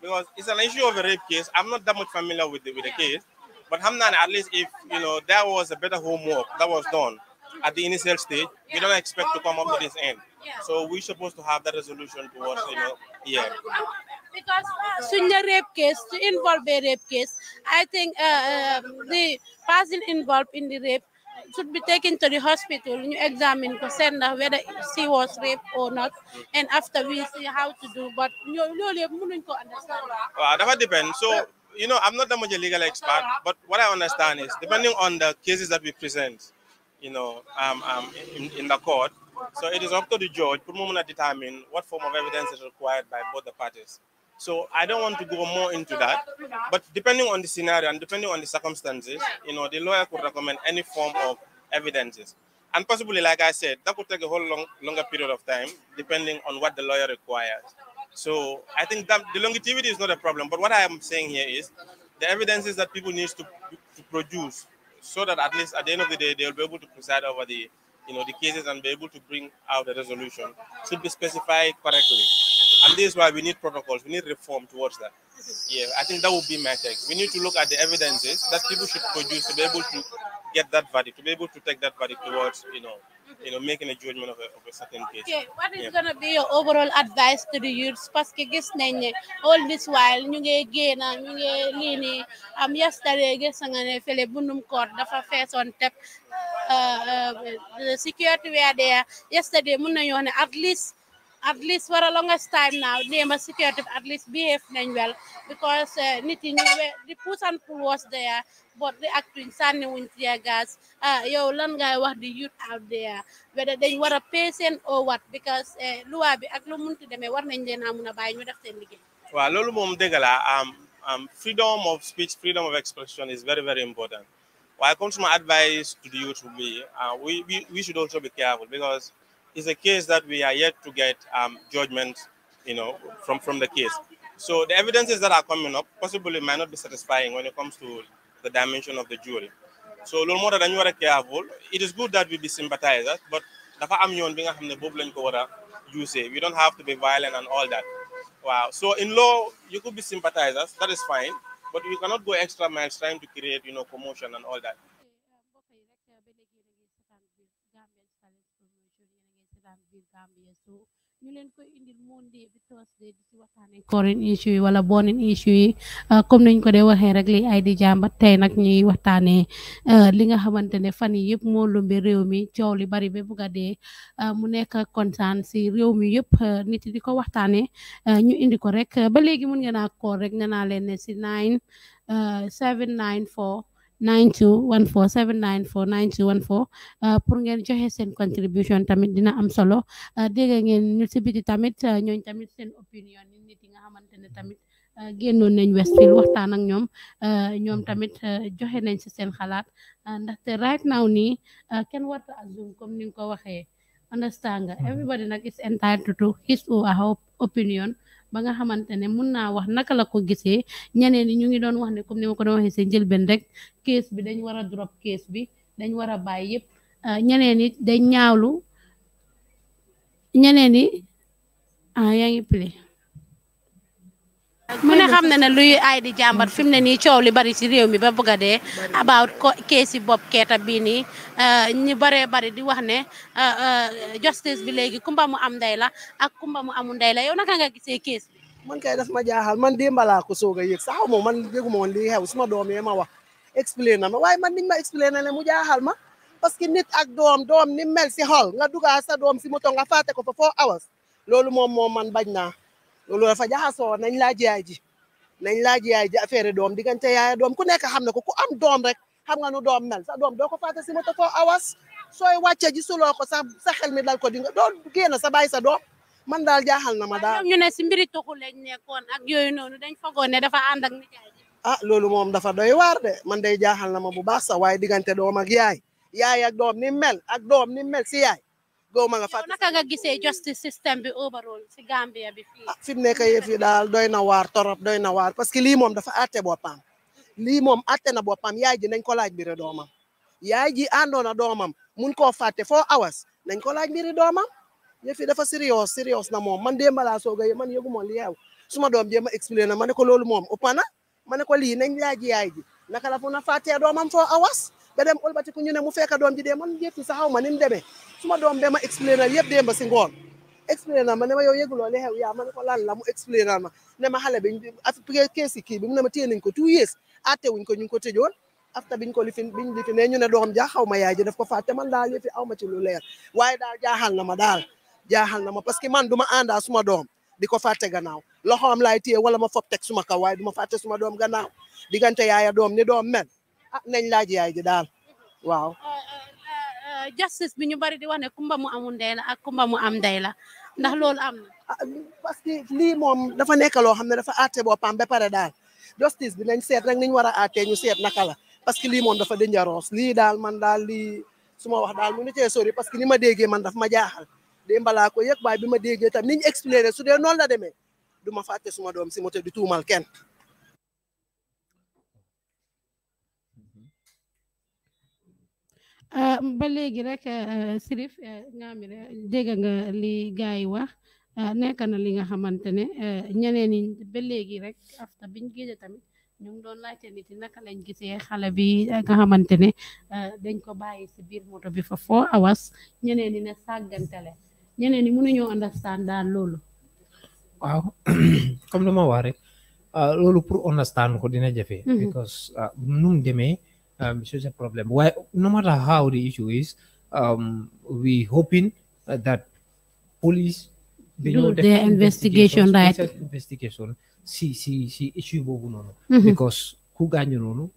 Because it's an issue of a rape case. I'm not that much familiar with the with the case. But Hamdan, at least if you know there was a better homework that was done at the initial stage, we don't expect to come up to this end. So we're supposed to have that resolution towards you know yeah. Because in uh, the rape case, to involve a rape case, I think uh, um, the person involved in the rape should be taken to the hospital and you examine Cassandra whether she was raped or not and after we see how to do but you understand well, that depends so you know i'm not that much a legal expert but what i understand is depending on the cases that we present you know um, um in, in the court so it is up to the judge to moment determine what form of evidence is required by both the parties. So I don't want to go more into that, but depending on the scenario and depending on the circumstances, you know, the lawyer could recommend any form of evidences. And possibly, like I said, that could take a whole long, longer period of time, depending on what the lawyer requires. So I think that the longevity is not a problem. But what I am saying here is the evidences that people need to, to produce so that at least at the end of the day, they'll be able to preside over the you know, the cases and be able to bring out the resolution should be specified correctly. And this is why we need protocols. We need reform towards that. Yeah, I think that would be my take. We need to look at the evidences that people should produce to be able to get that verdict, to be able to take that verdict towards, you know, you know, making a judgment of a, a certain case. overall advice to the youths? Paske gis nañ ne all this while ñu ngi génn ñu ngi lii am yesterday gis nga ne fële bundum koor dafa feesoon tep euh, the euh, security were there yesterday mun nañu wax ne at least at least for a longest time now, Nema security at least behave well because uh, the push and pull was there, but the acting sanni with tear gas. Uh, ah, yo, lan guy, what the youth out there, whether they were a patient or what, because eh, lua bi ak lu them demee war nañ leen a mun a bàyyi ñu def Well, liggéey. waaw loolu moom dëgg la um, freedom of speech, freedom of expression is very, very important. Well, I come to my advice to the youth would be uh, we, we, we should also be careful because is a case that we are yet to get um, judgment, you know, from, from the case. So the evidences that are coming up possibly might not be satisfying when it comes to the dimension of the jury. So loolu moo tax dañu careful it is good that we be sympathizers but dafa am yoon use we don't have to be violent and all that Wow. so in law you could be sympathizers that is fine but you cannot go extra miles trying to create you know commotion and all that ñu leen koy indil Monday bi Thursday di si waxtaane current issue yi wala burning issue yi ah, comme ñu ko dee waxee rek li ay di jàmbat tey nag ñuy waxtaane ah, li nga xamante ne fan yi yëpp moo réew mi coow li bari ba bugg a ah, mu nekk kontaan si réew mi yëpp nit yi di ko waxtaane ñu indi ko rek ba léegi mun ngeen a koor rek nee naa leen ne si 9 794 seven 9214 794 9214 pour ngeen joxe seen contribution tamit dina am solo euh, dégg ngeen ñu si biti tamit euh, ñooñ tamit seen opinion yi nit yi nga xamante ne tamit euh, génnoon nañ Westfield waxtaan ak ñoom ñoom tamit joxe nañ si seen xalaat ndaxte right now ni kenn warta assume comme ni nga ko waxee understand nga everybody nag is entitled to his or her opinion ba nga xamante ne mun naa wax naka la ko gisee ñeneen ñi ñu ngi doon wax ne comme ni ma ko doon waxee sa rek case bi dañ war a drop case bi dañ war a bàyyi yëpp ah, ñeneen ñi dañ ñaawlu ñeneen ñi ah yaa mune ne na luy ay di jambar fimne ni ciow li bari ci rew mi ba bëgg dé about keesi bob keeta bii nii euh, ñu baree bari di wax ne euh, euh, justice bi légui kumba mu am ndey la ak kumba mu amu ndey la yow naka nga gisé case bi man kay daf ma jaaxal man démb laa ko soga yek yëg mo man mo li xew suma doom ma wax expliqué na ma way man niñ ma expliqué na mu jaaxal ma parce que nit ak doom doom ni mel si hall nga dugaa sa doom ci moto nga faate ko fa four hours lolu mom mo man bañ na loolu dafa jaxasoo nañ laaj yaay ji nañ laaj yaay ji affaire doom diggante yaay doom ku nekk xam na ko ku am doom rek xam nga nu doom mel sa doom doo ko fàtte si moto foo awas sooy wàcce ji suloo ko sax sa xel mi dal ko di nga doo génn sa bàyyi sa doom man jaaxal na ma daal ñu ne si mbiri tuxu lañ nekkoon ak yooyu noonu dañ fagoon ne dafa ànd ak nijaay ah loolu moom dafa doy waar de man day jaaxal na ma bu baax sax waaye diggante doom ak yaay yaay ak doom ni mel ak doom ni mel si yaay góob ma nga fàttali. naka nga gisee eh, justice system fii. ah fi mu nekk yëf yi daal doy na waar torop doy na waar parce que lii moom dafa àtte boppam lii moom àtte na boppam yaay ji nañ ko laaj mbiri doomam yaay ji àndoon na doomam mun koo fàtte foo awas nañ ko laaj mbiri doomam yëf yi dafa sérieux sérieux na moom man démb laa soog a man yëgu moom li yeew suma doom jéem a expliqué na ma ne ko loolu moom ëpp na ma ne ko lii nañ laaj yaay ji naka la mun doomam foo awas. ba dem ëlbatiku ñu ne mu fekk doom ji dee man yëpp sax xaw ma ni mu demee su ma doom dama expliqué yëpp si ngoon expliqué ma ne ma yow yëguloo li xew yaa ma ne ko lan la mu expliqué ma ne ma xale bi affaire kees kii bi mu ne ma téye nañ ko two years atte wuñ ko ñu ngi ko tëjoon afta biñ ko lifin biñ lifinee ñu ne doom ja xaw ma yaay ji daf ko fàtte man daal yëfi aw ma ci lu leer waaye daal jaaxal na ma daal jaaxal na ma parce que man du ma àndaa suma doom di ko fàtte gannaaw loxoom laay téye wala ma fob teg suma kaw ma fàtte suma doom gannaaw diggante yaaya doom ni doom mel ah nañ laaji yaay ji daal waaw eh, eh, eh, justice bi ñu bari di wax ne kumba mu amul ndey la ak kumba mu am ndey la ndax loolu am na ah, parce que lii moom dafa nekk loo xam ne dafa àtte boppam ba pare daal justice bi nañ seet rek niñ war a àttee ñu seet naka la parce que lii moom dafa di njaroos lii daal man daal lii su ma wax daal mu nu cee sori parce que ni ma déggee man daf ma jaaxal dé mbalaa ko yëg waaye bi ma déggee tam niñ expliqué su dee noonu la demee du ma suma doom si moto di tuumal kenn Eh, balegi rek eh, Sirif eh, nga mi dégg nga li gars wax nekana na li nga xamantene ne ñeneen ñi balegi rek afta biñu gëjë tamit ñu ngi doon laajte nit yi naka lañu gisee xale bi nga xamantene ne dañ ko bàyyi ci biir moto bi fa fo awas ñeneen ñi ne sàggantale ñeneen ñi mënuñoo understand daal loolu. waaw comme lu ma wax rek ah, loolu pour understand ko dina jafe. Mm-hmm. because ah, num mu demee. um, such a problem. Why, no matter how the issue is, um, we hoping uh, that police they the their investigation, right? Investigation. See, see, see issue bobu nono mm-hmm. because who gañu you know,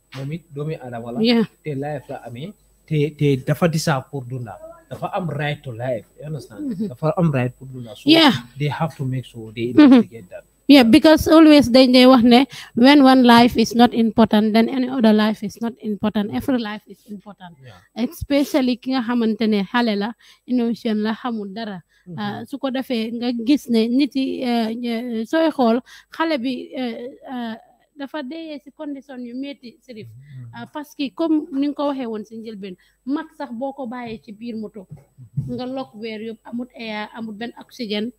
doomi adama la yeah. te life la amé te te dafa disa pour dunda dafa am right to life you understand mm -hmm. dafa am right pour dunda so yeah. they have to make sure they mm-hmm. investigate mm -hmm. that yeah because always dañ dee wax ne wenn one life is not important then any other life is not important every life is important especially ki nga xamante ne xale la innocent la xamul dara mm-hmm. ah, su ko defee nga gis ne nit yi eh, sooy xool xale bi eh, ah, dafa dee si condition yu métti sirif mm-hmm. ah, parce que comme ni nga ko waxee woon si njëlbeen mag sax boo ko bàyyee ci biir moto mm-hmm. nga lok weer yëpp amut air amut benn oxygène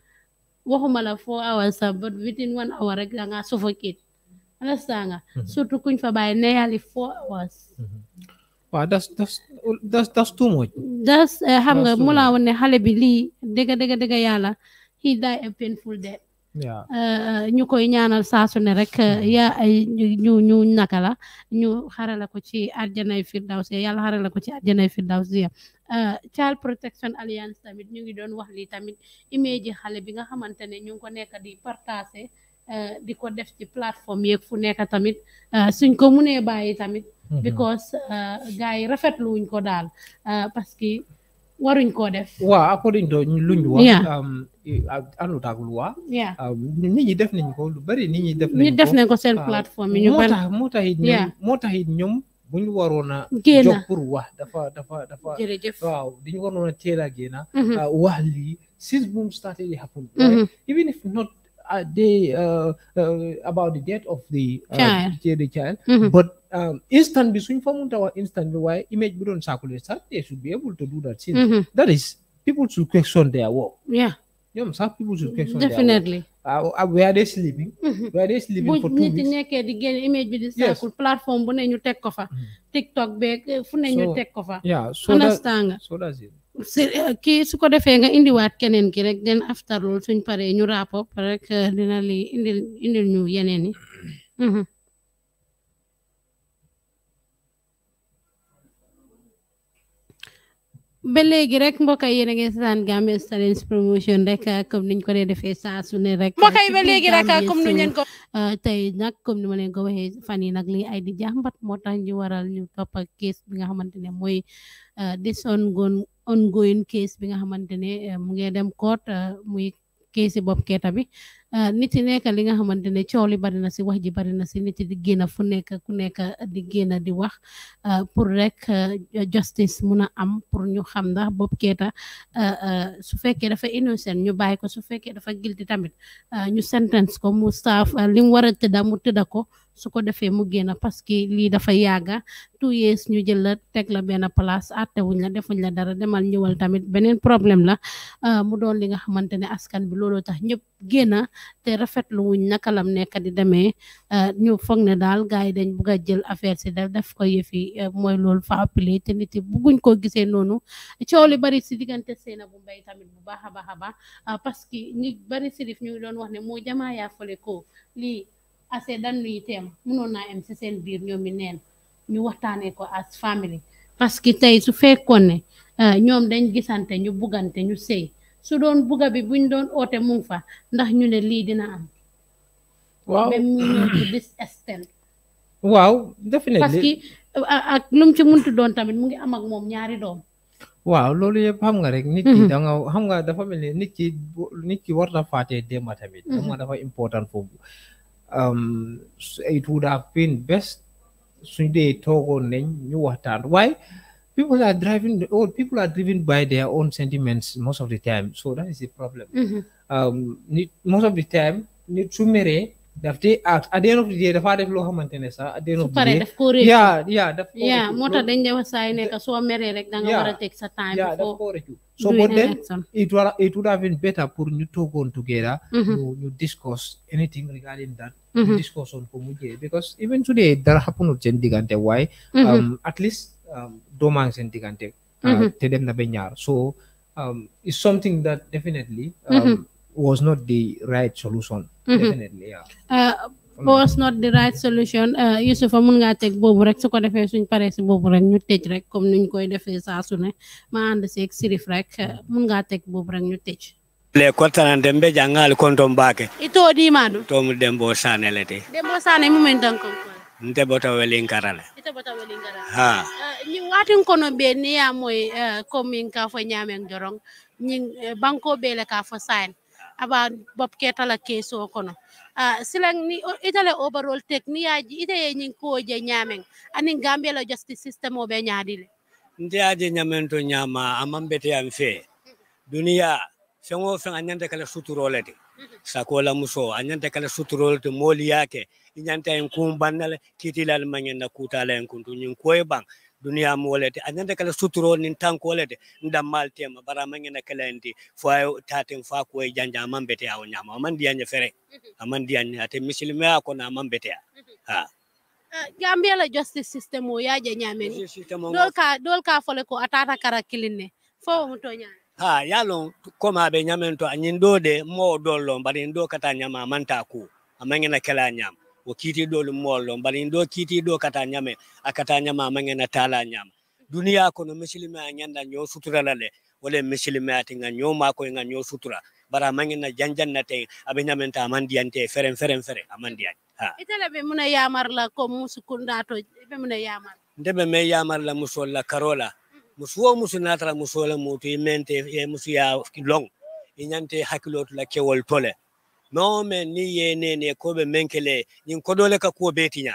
waxuma la four hours sax but within one hour rek da ngaa suffocate understand mhm. surtout kuñ fa bàyyi neyali four hours mhm. waaw das das das das das xam nga mu laa woon ne xale bi lii dëgg dëgg dëgg yàlla he die a painful death Euh, ñu koy ñaanal saasu ne rek euh, mm. ya ñu ñu naka la ñu xarala ko ci arjanay firdawsi yàlla xarala ko ci arjanay firdawsi euh, Child Protection Alliance tamit ñu ngi doon wax lii tamit image yi xale bi nga xamante ne ñu ngi ko nekk di partager di ko def ci plateforme yeeg fu nekk tamit suñ ko munee bàyyi tamit mm-hmm. because gars yi rafetlu wuñ ko daal parce que waruñ koo def. waaw according to luñ wax. àndut um, ak luwa. Um, nit ñi def nañ ko lu bari ni ñi def nañ ko. ñu def nañ ko seen ah, plateforme yi ñu bari. moo tax it ñoom moo tax it ñoom buñ waroon a. génn pour wax dafa dafa dafa. jërëjëf waaw dañu waroon a teel a génn. Mm-hmm. Ah, wax lii since boom started it happened. Mm-hmm. even if not uh, they uh, uh, about the death of the. child Um, instant bi suñ fa mun tawa instant bi waaye image bi doon saakule sax they should be able to do that since mm-hmm. that is people should question their work yeah ñoom sax people should question their work definitely ah, ah, where they sleeping mm-hmm. bu nit nekkee di génn image bi di saakul plateforme bu ne ñu teg ko fa mm-hmm. tiktok beeg eh, fu ne ñu teg ko fa understand nga so that's it eh, kii su ko defee nga indiwaat keneen ki rek den after loolu suñ paree ñu raapo rapport rek eh, dina li indi indil ñu yeneen yi ba léegi rek mbokk yi yéen a ngi seetaan Gambian promotion rek comme niñ ko dee defee saa su ne rek. mbokk yi léegi rek comme ni leen ko. Uh, tey nag comme ni ma leen ko waxee fan yi nag lii ay di jàmbat moo tax ñu waral ñu topp ak case bi nga xamante ne mooy uh, this ongoing ongoing case bi nga xamante ne uh, mu nge dem court muy case bopp keeta bi Ah, nit yi nekk li nga xamante ne coow li bari na si wax ji bari na si nit di génn fu nekk ku nekk di génn di wax ah, pour rek ah, justice mun a am pour ñu xam ndax Bob Keita su fekkee dafa innocent ñu bàyyi ko su fekkee dafa guilty tamit ñu sentence ko mu saaf li mu war a tëdda mu tëdda ko su ko defee mu génn parce que lii dafa yàgga two years ñu jël la teg la benn place àttewuñ la defuñ la dara demal ñëwal tamit beneen problème la euh, mu doon li nga xamante ne askan bi looloo tax ñëpp génn te rafetlu wuñ naka lam nekk di demee euh, ñu foog ne daal gars yi dañ bugg a jël affaire si def def ko yëfi euh, mooy loolu fa appelé te nit yi bugguñ koo gisee noonu coow li bari si diggante seena bu mbay tamit bu baax a baax a baax parce que ñu bari sirif ñu doon wax ne moo jamaa yaa ko ase dannuyi teema mënoon naa am si seen biir ñoom mi neen ñu waxtaanee ko as family parce que tey su fekkoon ne eh, ñoom dañ gisante ñu buggante ñu sey su doon bugga bi buñ doon oote mu fa ndax ñu ne lii dina am waaw même mu ak lu mu ci doon tamit mu ngi am ak moom ñaari doom loolu yëpp xam nga rek nit ki mhm. da nga xam nga dafa mel nit ki nit war na faatee démba tamit mhm. xam nga dafa important foofu um, it would have been best suñ dee toogoon nañ what and why people are driving old oh, people are driven by their own sentiments most of the time so that is the problem mm -hmm. um, most of the time nit su meree daf dee act at the end of the day dafa def loo xamante ne sax at the end of the day daf ko réccu yaa yaa daf ko yaa moo tax dañ de wax saa yi nekk soo meree rek da nga a so but then it would, it would have been better pour ñu toogoon together mm discuss anything regarding that mm discuss on ko mujjee because even today dara xapunut seen diggante waaye mm-hmm. um, at least um, doomaang seen uh, te dem na ba ñaar so um, it's something definitely um, was not the right solution mm-hmm. definitely yeah uh, was not the right solution uh, Youssoufa mun ngaa teg boobu rek su ko defee suñ paree si bobu rek ñu tëj rek comme nuñ koy defee saa su ne ma ànd seeg sirif rek uh, mun ngaa teg boobu rek ñu tëj le kontanan dembe jangal konton bake ito di madu to mu dembo sane lete dembo sane mu men danko nte bota welin karale ite bota welin karale ha uh, ni watin kono be ni ya moy komin ka fo nyamen dorong ni banko be le ka fo sane aban bob la keso kono uh, silang ni itale overall tekniaji ite ye nyin ko je nyamen anin gambia la justice system o be nyaadile nde aje nyamen to nyama amambete am fe duniya fengo fen anyante kala suturo suturolete la muso anyante kala suturo suturolete moli yake inyante en kumbannale kitilal manyenda kutala en kuntu nyin koy bang dunia duniyaamu wolete anende kala suturo nin tanko wolete ndammal tema bara mangena kala ndi fo taten fa ko e janja mambete awo nyama amandi anya fere man amandi anya te muslimi ko na mambete ha Uh, ah, Gambia la justice system o yaje nyameni dol ka dol ka fole ko atata kara kilinne fo to nyama ha ko ma be nyamen to anyin do de mo dollo bari ndo kata nyama manta ko amangena kala nyama wo kiitiɗol mool loŋ bari ɗo kiitiɗo kata ñame a kata ñama mangena tala ñama duniya kono misilime a ñanda sutura la le wala misilime ati nga ñoo makoye nga ño sutura bari mangena janjanna te aɓe ñamenta amandiyante feren feren fere amandiyani ha itala ɓe muna yamarla ko musukunda to ɓe muna yamar nde ɓe me yamarla musolla karola musu wo musu natara musola mutu imente e musu ya long iñante hakkilotu la kewol tole mawme ni ye yenene koɓe menkele ñin koɗole ka kuwo betiña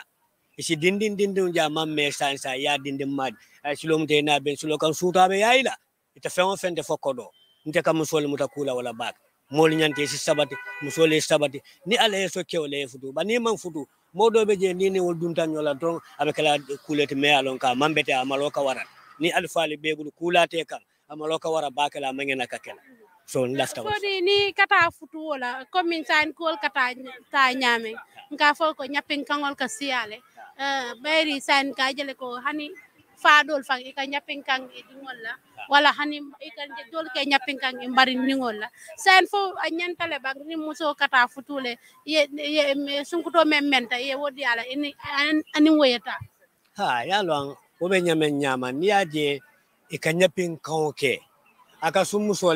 isi dindin dindin ja mamme san sa ya dindin mad ay silomte na ben silo kan suta be yayla ita fe on fende fokko ɗo nte ka musole muta kula wala baka molu nyante si sabati musole sabati ni ala ye sokke wala ye futu bani man futu be je ni nini wol dunta nyola don aɓe kala kulete me alon ka mambete amalo ka waran ni alfa alfaali ɓegol kulate kan amalo ka wara bakela mangena ka kala so la so ni kata futu wala comme san kol kata ta nyame nga fo ko nyapin kangol ka siale eh bayri san ka jele ko hani fadol fang ika nyapin kang e dingol la wala hani ika e dol ke nyapin kang e mbarin dingol la san fo anyantale bang ni muso kata le, ye ye sunkuto mem menta ye wodi ala ini e ani woyata ha ya long o be nyame nyama ni aje ika e nyapin kang ke aka sumu so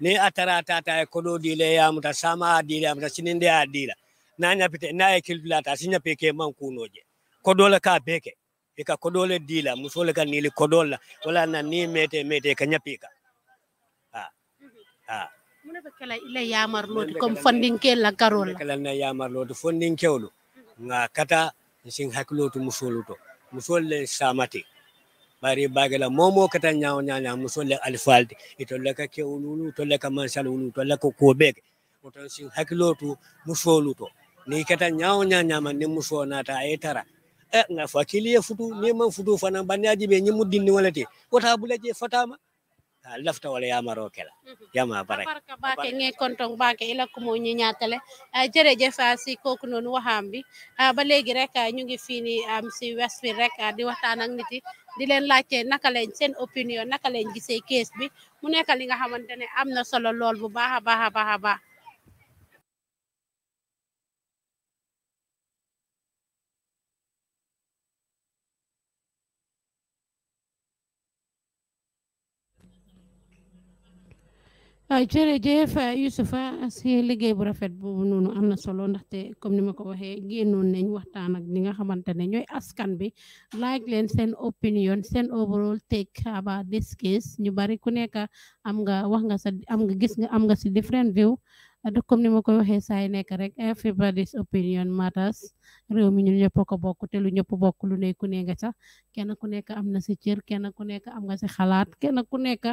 ni tata e kodo dile muta sama adile yamuta sininde adila nya pite naye kilulata sinya peke mankunoje la ka beke ika kodole dila musole ka nili la wala na ni mete mete ka pika ha ha muna ba kala ila yamar lodi comme ke la karola kala na di funding ke wolo nga kata sin haklotu to musol le samati bari la momo kata nyaaw nyaanya musolle alfalde itolle ka kewulu tolle ka mansal to tolle ko o tan sin hakilotu musolu to ni kata nyaaw nyaanya man ni muso nata e tara e nga fakiliye futu ni man futu fana banyaji be nyimu dinni walati wata bulaje fatama lafta wala yamaro kela mhm. yama bare barka bake nge kontong bake ila kumo ñi ñaatale ah, jërëjëf ah, si kooku noonu waxaam bi ah, ba léegi rek ñu ngi fii ni am si west bi rek di waxtaan ak nit yi di leen laajte naka lañ seen opinion naka lañ gisee kees bi mu nekk li nga xamante ne am na solo lool bu baax a baax a Ah, jërëjëf Youssoufa si liggéey bu rafet boobu noonu am na solo ndaxte comme ni ma ko waxee génnoon nañ waxtaan ak ñi nga xamante ne ñooy askan bi laaj leen seen opinion seen overall take about this case ñu bari ku nekk am nga wax nga sa am nga gis nga am nga si different view comme ni ma koy waxee saay nekk rek everybody's opinion matters réew mi ñu ñëpp ko bokku te lu ñëpp bokk lu ne ku ne nga ca kenn ku nekk am na si cër kenn ku nekk am nga si xalaat kenn ku nekk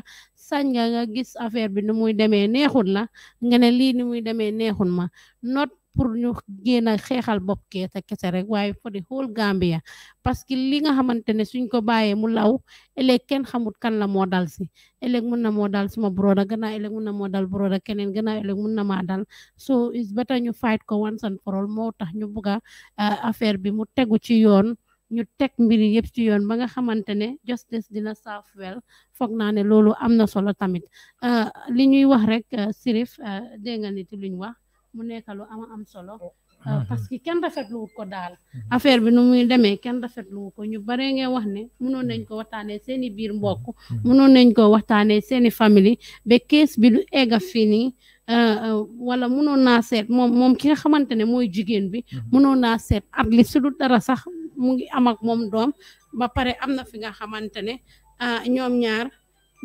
sañ nga nga gis affaire bi nu muy demee neexul la nga ne lii ni muy demee neexul ma not pour ñu génn a xeexal bopp Keita kese rek waaye for the whole Gambia parce que li nga xamante ne suñ ko bàyyee mu law ëllëg kenn xamut kan la moo dal si ëllëg mun na moo dal suma broda gannaaw ëllëg mun na moo dal broda keneen gannaaw ëllëg mun na maa dal so it's better ñu fight ko once and for moo tax ñu buga a uh, affaire bi mu tegu ci yoon ñu teg mbiri yëpp ci yoon ba nga xamante ne justice dina serve well foog naa ne loolu am na solo tamit uh, li ñuy wax rek uh, Sirif dégg nga nit luñ wax mu nekk lu ama am solo oh. eh, parce que kenn rafetlu ko daal affaire bi nu muy demee kenn rafetlu ko ñu bare ngee wax ne mënoon nañ ko waxtaanee seeni biir mbokk mënoon mm. mm. nañ ko waxtaanee seeni famille ba kees bi lu egga fini eh, eh, wala mënoon naa seet moom moom ki nga xamante ne mooy jigéen bi mënoon mm-hmm. naa seet at li su du dara sax mu ngi am ak moom doom ba pare am fi nga xamante ne ñaar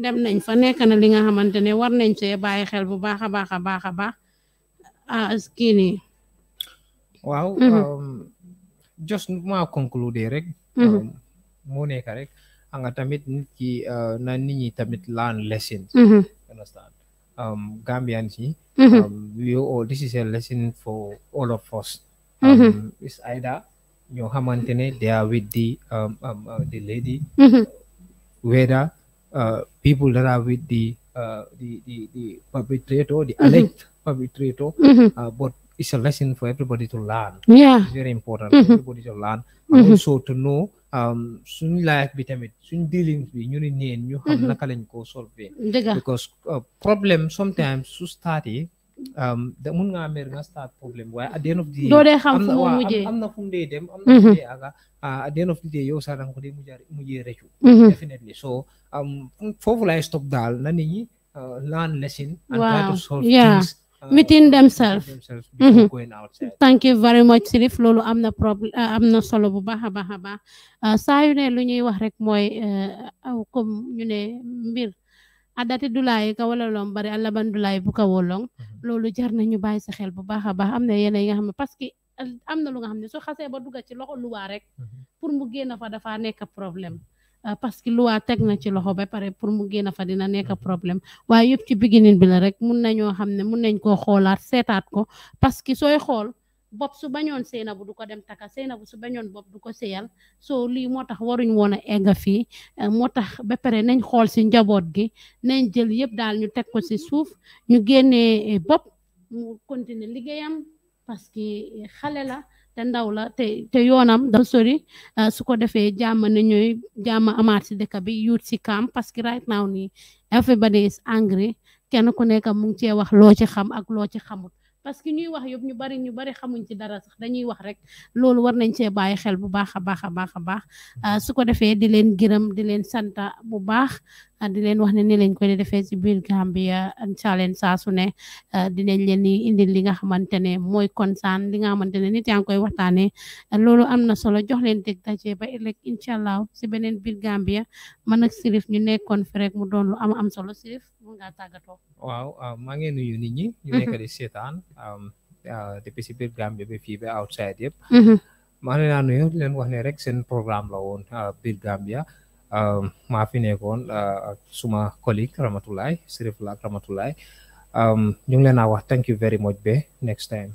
dem nañ fa nekk na li nga xamante war nañ see bàyyi xel bu baax a baax baax as ah, Guinea. waaw mhm. um, just ma conclude rek. Mhm. Um, moo nekk rek anga tamit nit uh, na nit ñi tamit learn lessons. Mhm. understand um, Gambians yi. we this is a lesson for all of us. it's either ñoo xamante ne they are with the uh, lady. whether uh, people that are with the perpetrator the elect. arbitrator. Mm-hmm. Uh, but it's a lesson for everybody to learn. Yeah. It's very important mm-hmm. for everybody to learn. And mm-hmm. also to know um, suñu life bi tamit suñ dealings bi ñu ni neen ñu xam naka lañ koo solve because uh, problem sometimes su start yi um, da mun nga mer nga start problem waaye at the end of the day doo dee xam fu mu definitely so um, foofu lay stop daal na nit uh, learn lesson and try to solve things within uh, themselves mm-hmm. thank you very much Sirif loolu am na problème uh, am na solo bu baax a baax a baax uh, saa yu ne lu ñuy wax rek mooy comme ñu ne mbir adati dulaay ka wala loom bari a laban dulaay bu ka wolong mm-hmm. loolu jar na ñu bàyyi sa xel bu baax a baax am na yeneen yi nga xam ne parce que am na lu nga xam ne su xasee ba dugga ci loxo luwaa rek mm-hmm. pour mu génn fa dafa nekk problème Euh, parce que loi teg na ci loxo ba pare pour mu génn fa dina nekk problème waaye yëpp ci beginning bi la rek mun na ñoo xam ne mun nañ ko xoolaat seetaat ko parce que sooy xool bopp su bañoon seena bu du ko dem taka seena bu su bañoon bopp du ko seyal soo lii moo tax waruñ woon a egga fii euh, moo tax ba pare nañ xool si njaboot gi nañ jël yëpp daal ñu teg ko si suuf ñu génnee bopp mu continuer liggéeyam parce que xale la te ndaw la te te yoonam da sori euh, su ko defee jàmm ne ñooy jàmm amaat si dëkk bi yuut si kaam parce que right now nii everybody is angry kenn ku nekk mu ngi cee wax loo ci xam ak loo ci xamut parce que ñuy wax yëpp ñu bari ñu bari xamuñ ci dara sax dañuy wax rek loolu war nañ cee bàyyi xel bu baax a baax a baax a baax euh, su ko defee di leen gërëm di leen santa bu baax di len wax ne ni lañ koy defé ci biir Gambia challenge sa su ne eh, dinañ len di indi li nga xamantene moy konsan li nga xamantene nit yang koy waxtane lolu am na solo jox len tek daje ba elek inshallah allah si beneen biir Gambia man ak Sirif ñu nekkon fi rek mu doon lu am am solo Sirif mu nga tagato waaw ah, ma ngi nuyu nit ñi. ñu mm-hmm. nekk di seetaan ah, depuis si biir Gambia be fi be outside yep mm-hmm. maa ngi nuyu len wax ne rek sen programme la won ah, biir Gambia. Um, maa fi nekkoon uh, ak suma collègue Ramatoulaye Sirif Lac Ramatoulaye um, ñu ngi leen a wax thank you very much be next time